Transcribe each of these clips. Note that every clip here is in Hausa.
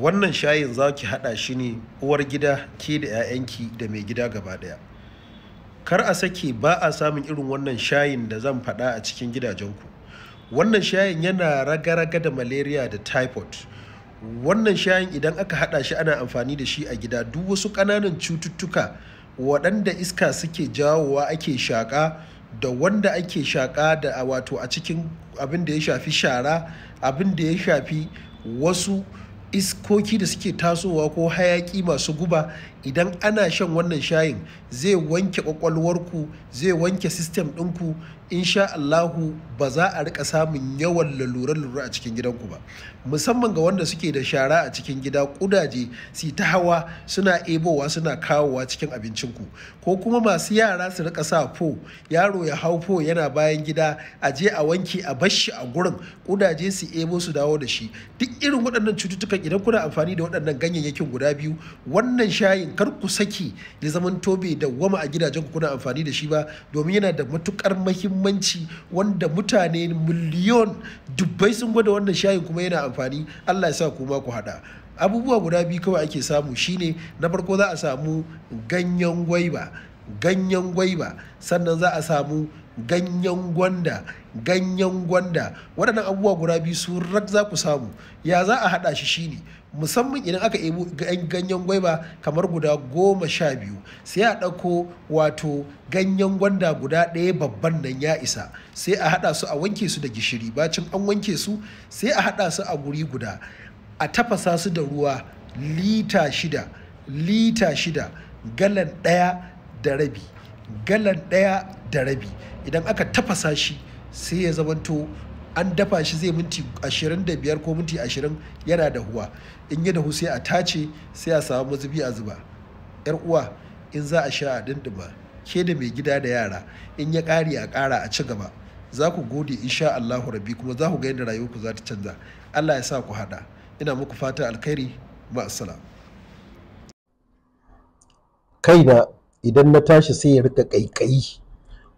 wannan shayin za ki haɗa shi ne uwar gida ke da 'ya'yanki da mai gida gaba ɗaya kar a sake ba a samun irin wannan shayin da zan faɗa a cikin gidajenku wannan shayin yana raga-raga da malaria da typhoid wannan shayin idan aka haɗa shi ana amfani da shi a gida duk wasu ƙananan cututtuka waɗanda iska suke jawowa ake shaƙa da wanda ake shaƙa da wato a cikin abin da ya shafi shara abin da ya shafi wasu iskoki da suke tasowa ko hayaki masu guba idan ana shan wannan shayin zai wanke kwakwalwarku zai wanke sistem ɗinku insha Allahu ba za a rika samun yawan lalura lura a cikin gidanku ba musamman ga wanda suke da shara a cikin gida kudaje su ta hawa suna ebowa suna kawowa cikin abincinku ko kuma masu yara su rika sa fo yaro ya hau fo yana bayan gida a je a wanke a bashi a gurin kudaje su ebo su dawo da shi duk irin waɗannan cututtukan idan kuna amfani da waɗannan ganyayyakin guda biyu wannan shayin kar ku saki ya zaman tobe da wama a gidajen ku kuna amfani da shi ba domin yana da matukar mahimmanci wanda mutane miliyon dubbai sun gwada wannan shayin kuma yana amfani Allah ya sa ku ma ku hada abubuwa guda biyu kawai ake samu shine na farko za a samu ganyen gwaiba ganyen gwaiba sannan za a samu ganyen gwanda ganyen gwanda waɗannan abubuwa guda biyu su rak za ku samu ya za a haɗa shi shine musamman idan aka ebo ganyen gwaiba kamar guda goma sha biyu sai a ɗauko wato ganyen gwanda guda ɗaya babban nan ya isa sai a haɗa su a wanke su da gishiri bacin an wanke su sai a haɗa su a guri guda a tafasa su da ruwa lita shida lita shida galan ɗaya da rabi galan ɗaya da rabi idan aka tafasa shi sai ya zamanto an dafa shi zai minti 25 ko minti 20 yana da huwa in ya dahu sai a tace sai a samu mazubi a zuba yar uwa in za a sha a dindima ke da mai gida da yara in ya kare a ƙara a ci gaba za ku gode sha Allahu Rabi kuma za ku ga yadda rayuwarku za ta canza Allah ya sa ku hada ina muku fatan alkhairi ma'assalam kaina idan na tashi sai ya rika ƙaiƙayi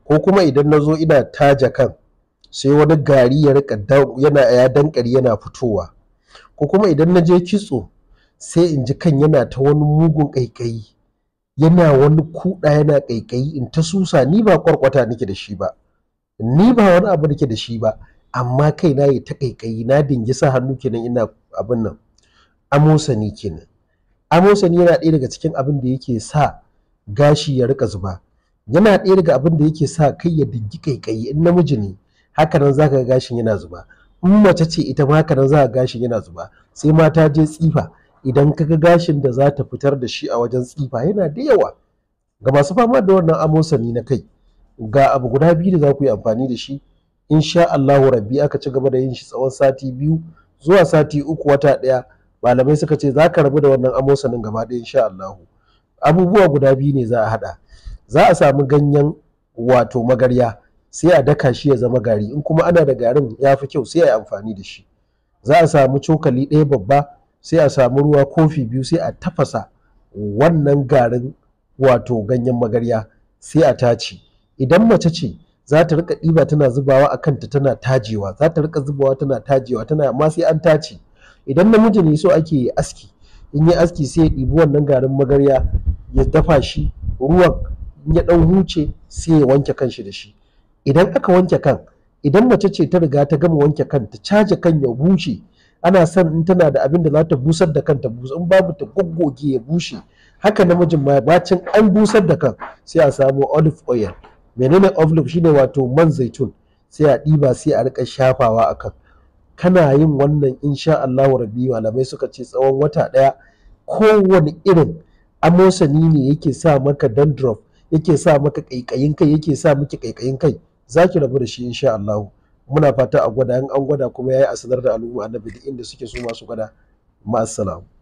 ko kuma idan na zo ina taja kan sai wani gari ya rika yana ya dankari yana fitowa ko kuma idan na je kitso sai in ji kan yana ta wani mugun ƙaiƙayi yana wani kuɗa yana ƙaiƙayi in ta susa ni ba kwarkwata nake da shi ba ni ba wani abu nake da shi ba amma kai na yi ta ƙaiƙayi na sa hannu kenan ina abin nan amosani kenan amosani yana ɗaya daga cikin abin da yake sa gashi ya rika zuba yana ɗaya daga abin da yake sa kai ya dingi kaikayi in namiji ne haka nan zaka ga gashin yana zuba in mace ce ita ma haka nan zaka ga gashin yana zuba sai mata je tsifa idan ka ga gashin da za ta fitar da shi a wajen tsifa yana da yawa ga masu fama da wannan amosani na kai ga abu guda biyu da za ku yi amfani da shi insha Allahu rabbi aka ci gaba da yin shi tsawon sati biyu zuwa sati uku wata ɗaya malamai suka ce za ka rabu da wannan amosanin gaba ɗaya insha Allahu abubuwa guda biyu ne za a haɗa za a samu ganyen wato magarya sai a daka shi ya zama gari in kuma ana da garin ya fi kyau sai a yi amfani da shi za a samu cokali ɗaya babba sai a samu ruwa kofi biyu sai a tafasa wannan garin wato ganyen magarya sai a tace idan mace ce za ta rika ɗiba tana zubawa a kanta tana tajewa za ta rika zubawa tana tajewa tana amma sai an tace idan namiji ne so ake aski in yi aski sai ya ɗibi wannan garin magarya ya dafa shi ruwan ya ɗan huce sai ya wanke kan shi da shi idan aka wanke kan idan mace ce ta riga ta gama wanke kan ta caje kan ya bushe ana son in tana da abin da za ta busar da kanta busa in babu ta goggoge ya bushe haka namijin ma bacin an busar da kan sai a samu olive oil menene olive shine wato man zaitun sai a ɗiba sai a rika shafawa a kan kana yin wannan insha Allah rabi malamai suka ce tsawon wata ɗaya kowane irin amosani ne yake sa maka dandruff yake sa maka kaikayin kai yake sa miki kaikayin kai zaki rabu da shi insha Allah muna fata a gwada in an gwada kuma yayi a sanar da al'umma annabi duk inda suke so masu gwada assalamu